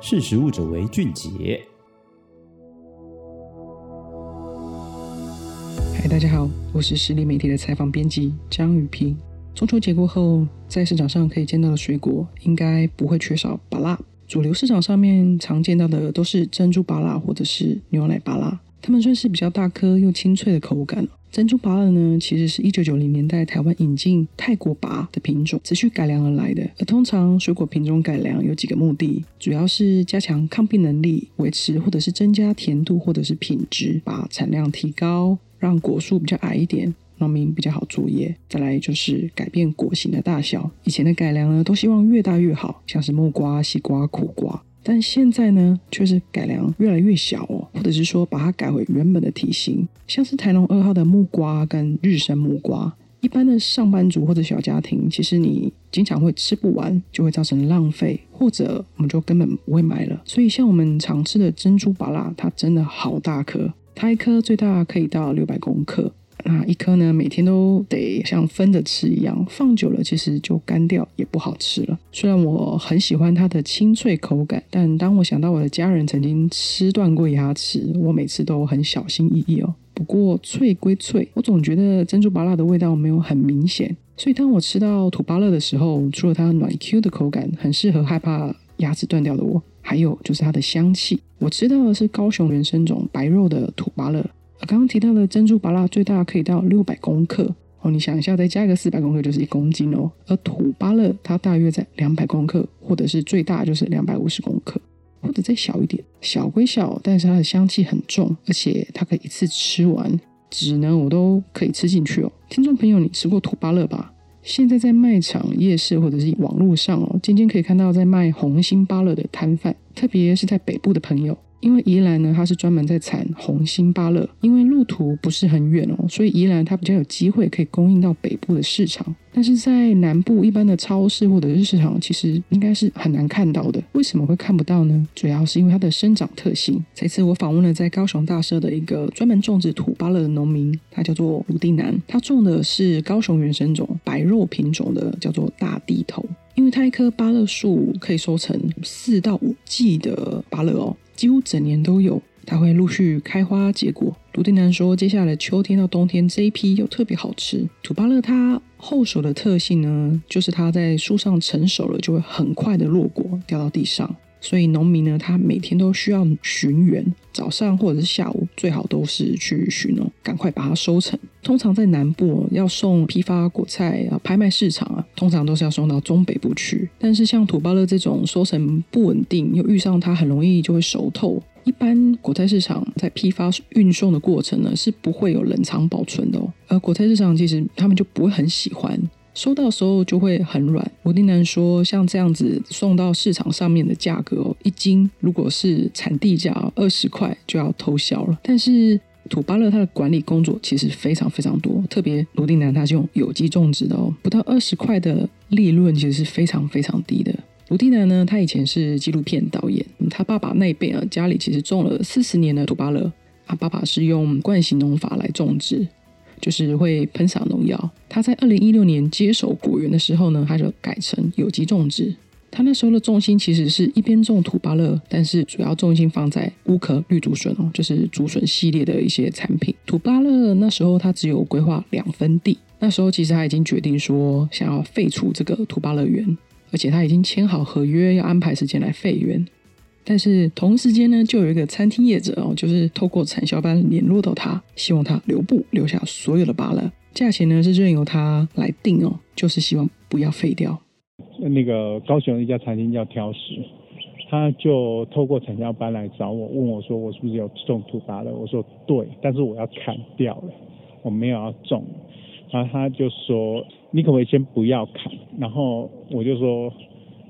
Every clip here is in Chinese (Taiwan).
識食物者為俊傑。嗨，大家好，我是食力媒體的採訪編輯張語屏。中秋節過後，在市場上可以見到的水果，應該不會缺少芭樂。主流市場上面常見到的都是珍珠芭樂，或者是牛奶芭樂。它們算是比較大顆又清脆的口感了。珍珠芭樂呢，其實是一九九零年代台灣引進泰國拔的品種，持續改良而來的。而通常水果品種改良有幾個目的，主要是加強抗病能力、維持或者是增加甜度或者是品質，把產量提高，讓果樹比較矮一點，農民比較好作業。再來就是改變果型的大小。以前的改良呢，都希望越大越好，像是木瓜、西瓜、苦瓜。但現在呢，卻是改良越來越小哦，或者是說把它改回原本的體型，像是台農二號的木瓜跟日升木瓜，一般的上班族或者小家庭，其實你經常會吃不完，就會造成浪費，或者我們就根本不會買了。所以像我們常吃的珍珠芭樂，它真的好大顆，它一顆最大可以到六百公克。那一顆呢，每天都得像分着吃一樣，放久了其實就乾掉，也不好吃了。雖然我很喜歡它的清脆口感，但當我想到我的家人曾經吃斷過牙齒，我每次都很小心翼翼哦。不過脆歸脆，我總覺得珍珠芭樂的味道沒有很明顯。所以當我吃到土芭樂的時候，除了它軟 Q 的口感，很適合害怕牙齒斷掉的我，還有就是它的香氣。我吃到的是高雄原生種白肉的土芭樂。我剛剛提到的珍珠芭樂最大可以到六百公克哦，你想一下，再加一個四百公克就是一公斤哦。而土芭樂它大約在兩百公克，或者是最大就是兩百五十公克，或者再小一點。小歸小，但是它的香氣很重，而且它可以一次吃完，籽呢，我都可以吃進去哦。聽眾朋友，你吃過土芭樂吧？現在在賣場、夜市或者是網絡上哦，漸漸可以看到在賣紅心芭樂的攤販，特別是在北部的朋友。因為宜蘭呢，它是專門在產紅心芭樂，因為路途不是很遠哦，所以宜蘭它比較有機會可以供應到北部的市場。但是在南部一般的超市或者是市場，其實應該是很難看到的。為什麼會看不到呢？主要是因為它的生長特性。這次我訪問了在高雄大社的一個專門種植土芭樂的農民，他叫做盧定楠，他種的是高雄原生種白肉品種的，叫做大地頭。因為它一棵芭樂樹可以收成四到五季的芭樂哦。幾乎整年都有，它會陸續開花結果。盧定楠說，接下來秋天到冬天這一批又特別好吃。土芭樂它後熟的特性呢，就是它在樹上成熟了，就會很快的落果掉到地上，所以農民呢，他每天都需要巡園。早上或者是下午，最好都是去尋農，趕快把它收成。通常在南部要送批發果菜啊，拍賣市場啊，通常都是要送到中北部去。但是像土芭樂這種收成不穩定，又遇上它很容易就會熟透，一般果菜市場在批發運送的過程呢，是不會有冷藏保存的哦。而果菜市場其實他們就不會很喜歡。收到時候就會很軟。盧定楠說，像這樣子送到市場上面的價格哦，一斤如果是產地價二十塊就要偷笑了。但是土芭樂它的管理工作其實非常非常多，特別盧定楠他是用有機種植的哦，不到二十塊的利潤其實是非常非常低的。盧定楠呢，他以前是紀錄片導演，他爸爸那一輩啊，家裡其實種了四十年的土芭樂，他爸爸是用慣行農法來種植，就是會噴灑農藥。他在二零一六年接手果園的時候呢，他就改成有機種植。他那時候的重心其實是一邊種土芭樂，但是主要重心放在烏殼綠竹筍哦，就是竹筍系列的一些產品。土芭樂那時候他只有規劃兩分地，那時候其實他已經決定說想要廢除這個土芭樂園，而且他已經簽好合約，要安排時間來廢園。但是同時間呢，就有一個餐廳業者哦，就是透過產銷班聯絡到他，希望他留步，留下所有的芭樂，價錢呢是任由他來定哦，就是希望不要廢掉。那個高雄一家餐廳叫挑食，他就透過產銷班來找我，問我說我是不是有種土芭樂？我說對，但是我要砍掉了，我沒有要種。然後他就說，你可不可以先不要砍，然後我就說，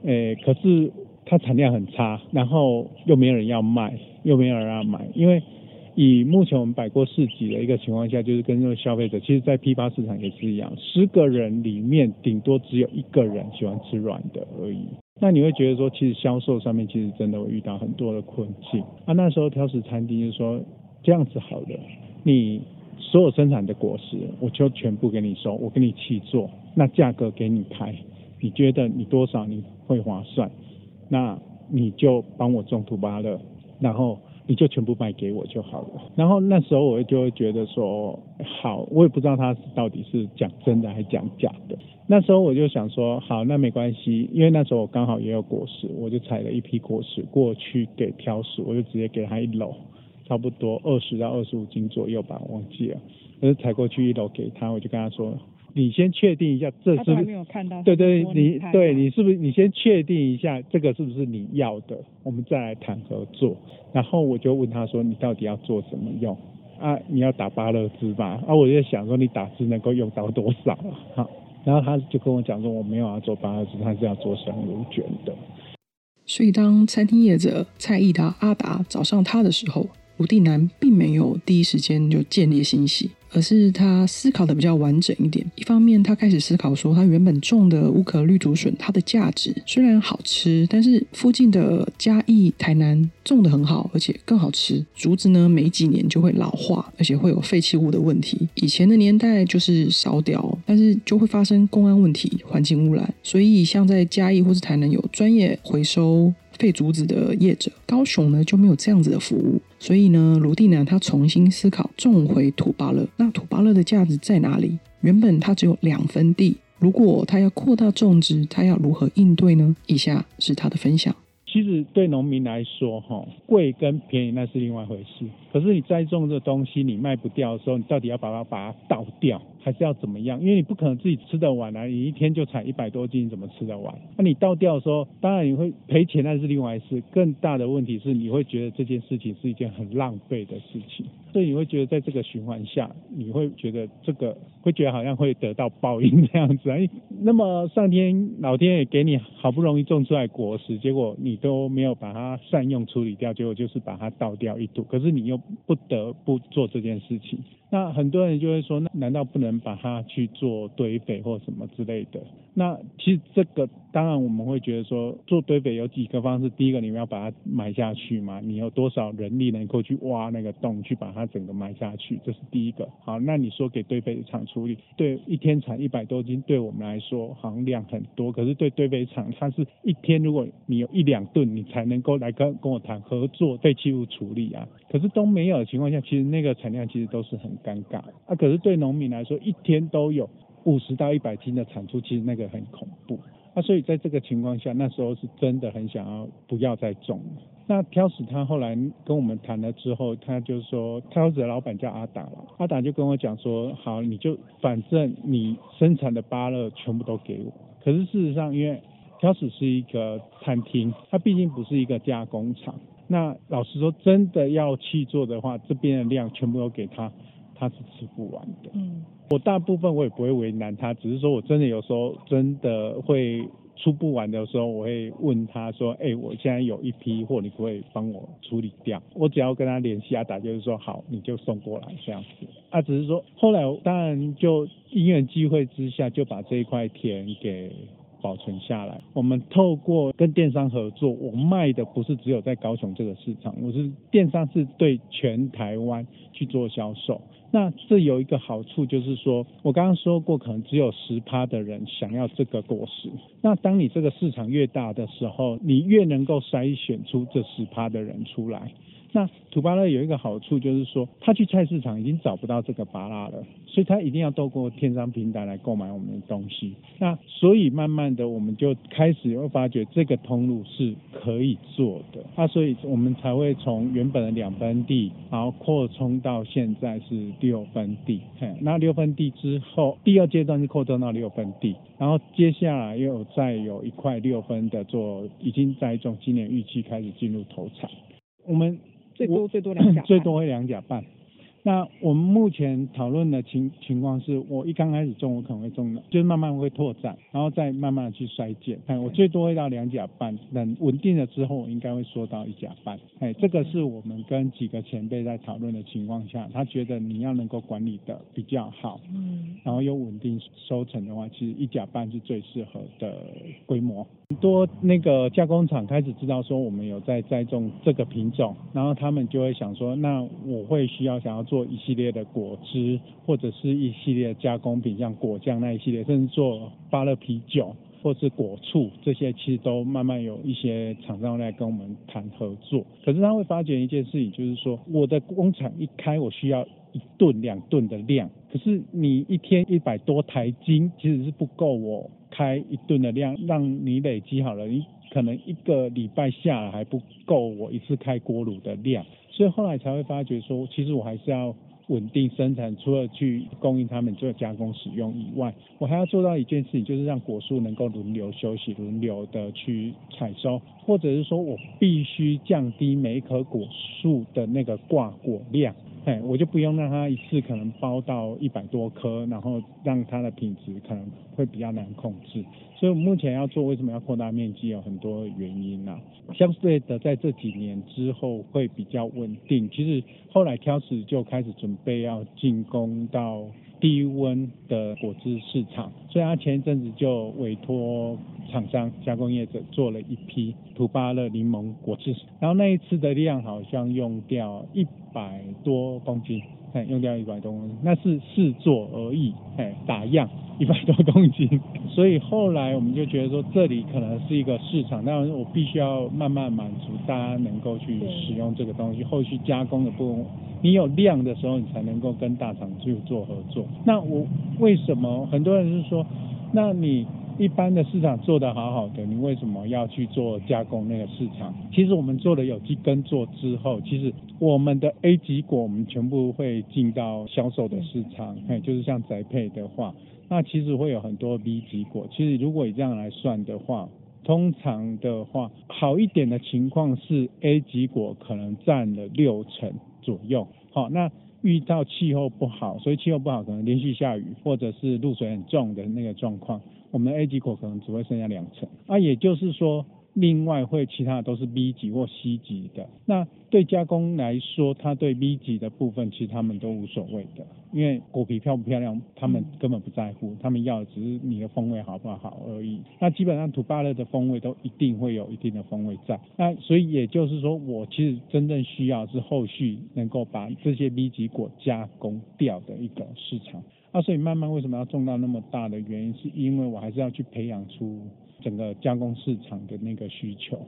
欸，可是。它產量很差，然後又沒有人要賣，又沒有人要買。因為以目前我們擺過市集的一個情況下，就是跟這個消費者，其實，在批發市場也是一樣，十個人裡面頂多只有一個人喜歡吃軟的而已。那你會覺得說，其實銷售上面其實真的會遇到很多的困境啊。那時候挑食餐廳就是說，這樣子好了，你所有生產的果實，我就全部給你收，我給你去做，那價格給你開，你覺得你多少你會划算？那你就幫我種土芭樂，然後你就全部賣給我就好了。然後那時候我就會覺得說，好，我也不知道他到底是講真的還是講假的。那時候我就想說，好，那沒關係，因為那時候我剛好也有果實，我就採了一批果實過去給挑食，我就直接給他一簍，差不多二十到二十五斤左右吧，我忘記了。我就採過去一簍給他，我就跟他說。你先確定一下，這是不是？對對，你對，你是不是？你先確定一下，這個是不是你要的？我們再來談合作。然後我就問他說，你到底要做什麼用？啊，你要打芭樂汁吧？啊，我就想說，你打汁能夠用到多少？啊？」然後他就跟我講說，我沒有要做芭樂汁，他是要做生乳捲的。所以，當餐廳業者蔡義達阿達找上他的時候，盧定楠並沒有第一時間就建立信心。而是他思考的比較完整一點。一方面，他開始思考說，他原本種的烏殼綠竹筍，它的價值雖然好吃，但是附近的嘉義、台南種的很好，而且更好吃。竹子呢，沒幾年就會老化，而且會有廢棄物的問題。以前的年代就是燒掉，但是就會發生公安問題、環境污染。所以，像在嘉義或是台南有專業回收。廢竹子的業者，高雄呢就沒有這樣子的服務，所以呢，盧定楠他重新思考種回土芭樂，那土芭樂的價值在哪裡？原本他只有兩分地，如果他要擴大種植，他要如何應對呢？以下是他的分享：其實對農民來說，哈貴跟便宜那是另外一回事。可是你栽種這東西，你賣不掉的時候，你到底要把它把它倒掉，還是要怎麼樣？因為你不可能自己吃得完啊，你一天就採一百多斤，你怎麼吃得完？那你倒掉的時候，當然你會賠錢，那是另外一回事。更大的問題是，你會覺得這件事情是一件很浪費的事情，所以你會覺得在這個循環下，你會覺得這個會覺得好像會得到報應這樣子哎、啊，那麼上天老天也給你好不容易種出來果實，結果你都沒有把它善用處理掉，結果就是把它倒掉一途。可是你又不得不做這件事情。那很多人就會說，那難道不能把它去做堆肥或什麼之類的？那其實這個當然我們會覺得說，做堆肥有幾個方式。第一個，你們要把它埋下去嘛，你有多少人力能夠去挖那個洞去把它整個埋下去，這是第一個。好，那你說給堆肥廠處理，對，一天產一百多斤，對我們來說好像量很多，可是對堆肥廠，它是一天如果你有一兩噸你才能夠來跟跟我談合作廢棄物處理啊，可是都沒有的情況下，其實那個產量其實都是很。尷尬、啊、可是對農民來說，一天都有五十到一百斤的產出，其實那個很恐怖那、啊、所以在這個情況下，那時候是真的很想要不要再種。那挑食他後來跟我們談了之後，他就說挑食的老闆叫阿達了。阿達就跟我講說：好，你就反正你生產的芭樂全部都給我。可是事實上，因為挑食是一個餐廳，他畢竟不是一個加工廠。那老實說，真的要去做的話，這邊的量全部都給他。他是吃不完的，嗯，我大部分我也不會為難他，只是說我真的有時候真的會出不完的時候，我會問他說，哎、欸，我現在有一批貨，你可不可以幫我處理掉？我只要跟他聯繫啊，打就是說好，你就送過來這樣子。啊，只是說後來當然就因緣際會之下，就把這一塊田給。保存下來，我們透過跟電商合作，我賣的不是只有在高雄這個市場，我是電商是對全台灣去做銷售。那這有一個好處就是說，我剛剛說過，可能只有十趴的人想要這個果實。那當你這個市場越大的時候，你越能夠篩選出這十趴的人出來。那土芭樂有一個好處，就是說他去菜市場已經找不到這個芭樂了，所以他一定要透過電商平台來購買我們的東西。那所以慢慢的我們就開始會發覺這個通路是可以做的啊，那所以我們才會從原本的兩分地，然後擴充到現在是六分地。那六分地之後，第二階段就擴充到六分地，然後接下來又再有一塊六分的做，已經在一種今年預期開始進入投產。我們。最多最多兩，最多會兩甲半。那我們目前討論的情情況是，我一剛開始種，我可能會種的，就是慢慢會拓展，然後再慢慢去衰減。哎，我最多會到兩甲半，等穩定了之後，我應該會縮到一甲半。哎，這個是我們跟幾個前輩在討論的情況下，他覺得你要能夠管理的比較好，嗯，然後又穩定收成的話，其實一甲半是最適合的規模。很多那個加工廠開始知道說我們有在栽種這個品種，然後他們就會想說，那我會需要想要做。做一系列的果汁，或者是一系列加工品，像果醬那一系列，甚至做芭樂啤酒或是果醋，這些其實都慢慢有一些廠商在跟我們談合作。可是他會發覺一件事情，就是說我的工廠一開，我需要一噸兩噸的量，可是你一天一百多台斤其實是不夠我開一噸的量，讓你累積好了，你可能一個禮拜下來還不夠我一次開鍋爐的量。所以後來才會發覺說，其實我還是要穩定生產，除了去供應他們做加工使用以外，我還要做到一件事情，就是讓果樹能夠輪流休息，輪流的去採收，或者是說我必須降低每一棵果樹的那個掛果量。我就不用讓它一次可能包到一百多顆，然後讓它的品質可能會比較難控制。所以，我目前要做，為什麼要擴大面積，有很多原因啦、啊。相對的，在這幾年之後會比較穩定。其實後來挑食就開始準備要進攻到。低溫的果汁市場，所以他前一陣子就委託廠商、加工業者做了一批土芭樂檸檬果汁，然後那一次的量好像用掉一百多公斤。用掉一百多公斤，那是試做而已，誒，打樣一百多公斤，所以後來我們就覺得說，這裡可能是一個市場，那我必須要慢慢滿足大家能夠去使用這個東西，對後續加工的部分，你有量的時候，你才能夠跟大廠去做合作。那我為什麼很多人是說，那你？一般的市場做得好好的，你為什麼要去做加工那個市場？其實我們做了有機耕作之後，其實我們的 A 級果我們全部會進到銷售的市場，哎，就是像宅配的話，那其實會有很多 B 級果。其實如果以這樣來算的話，通常的話好一點的情況是 A 級果可能占了六成左右。好，那。遇到氣候不好，所以氣候不好可能連續下雨，或者是露水很重的那個狀況，我們的 A 級果可能只會剩下兩成。那、啊、也就是說。另外，會其他的都是 B 級或 C 級的。那對加工來說，它對 B 級的部分，其實他們都無所謂的，因為果皮漂不漂亮，他們根本不在乎，他們要的只是你的風味好不好而已。那基本上，土芭樂的風味都一定會有一定的風味在。那所以也就是說，我其實真正需要是後續能夠把這些 B 級果加工掉的一個市場。所以慢慢為什麼要種到那麼大的原因，是因為我還是要去培養出整個加工市場的那個需求。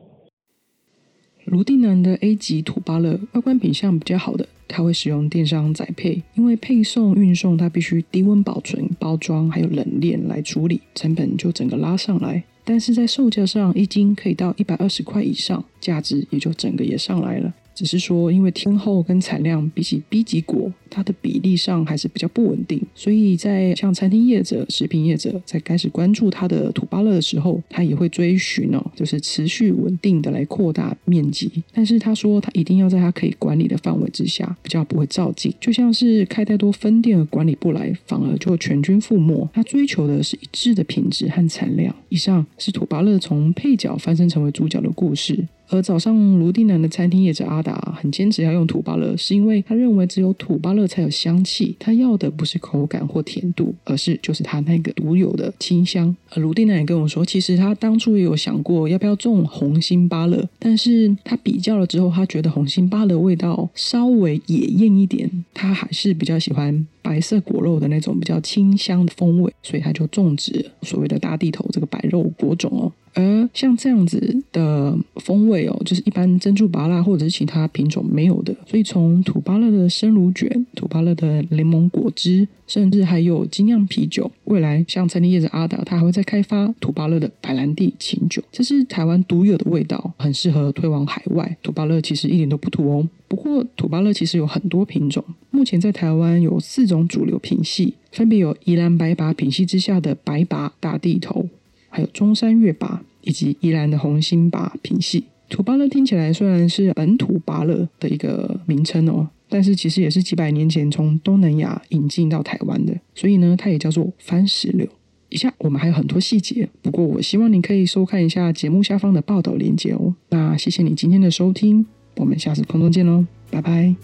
盧定楠的 A 級土芭樂外觀品相比較好的，它會使用電商宅配，因為配送、運送它必須低溫保存、包裝還有冷鏈來處理，成本就整個拉上來。但是在售價上一斤可以到一百二十塊以上，價值也就整個也上來了。只是說，因為天候跟產量比起 B 級果，它的比例上還是比較不穩定，所以在像餐廳業者、食品業者在開始關注它的土芭樂的時候，他也會追尋哦，就是持續穩定的來擴大面積。但是他說，他一定要在它可以管理的範圍之下，比較不會照進，就像是開太多分店而管理不來，反而就全軍覆沒。他追求的是一致的品質和產量。以上是土芭樂從配角翻身成為主角的故事。而早上盧定楠的餐廳也在阿達，很堅持要用土芭樂，是因為他認為只有土芭樂才有香氣。他要的不是口感或甜度，而是就是他那個獨有的清香。而盧定楠也跟我說，其實他當初也有想過要不要種紅心芭樂，但是他比較了之後，他覺得紅心芭樂味道稍微野豔一點，他還是比較喜歡白色果肉的那種比較清香的風味，所以他就種植所謂的大地頭這個白肉果種哦。而像這樣子的風味哦，就是一般珍珠芭樂或者是其他品種沒有的。所以從土芭樂的生乳卷、土芭樂的檸檬果汁，甚至還有精釀啤酒，未來像餐廳業者阿達，他還會再開发土芭樂的白蘭地琴酒。這是台灣獨有的味道，很適合推往海外。土芭樂其實一點都不土哦。不過土芭樂其實有很多品種，目前在台灣有四種主流品系，分別有宜蘭白拔品系之下的白拔大地頭。還有中山月拔以及宜蘭的紅心拔品系土巴呢，聽起來雖然是本土拔樂的一個名稱哦，但是其實也是幾百年前從東南亞引進到台灣的，所以呢，它也叫做番石榴。以下我們還有很多細節，不過我希望你可以收看一下節目下方的報道連結哦。那謝謝你今天的收聽，我們下次空中見嘍，拜拜。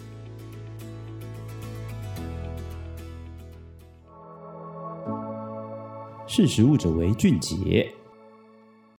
識食物者為俊傑。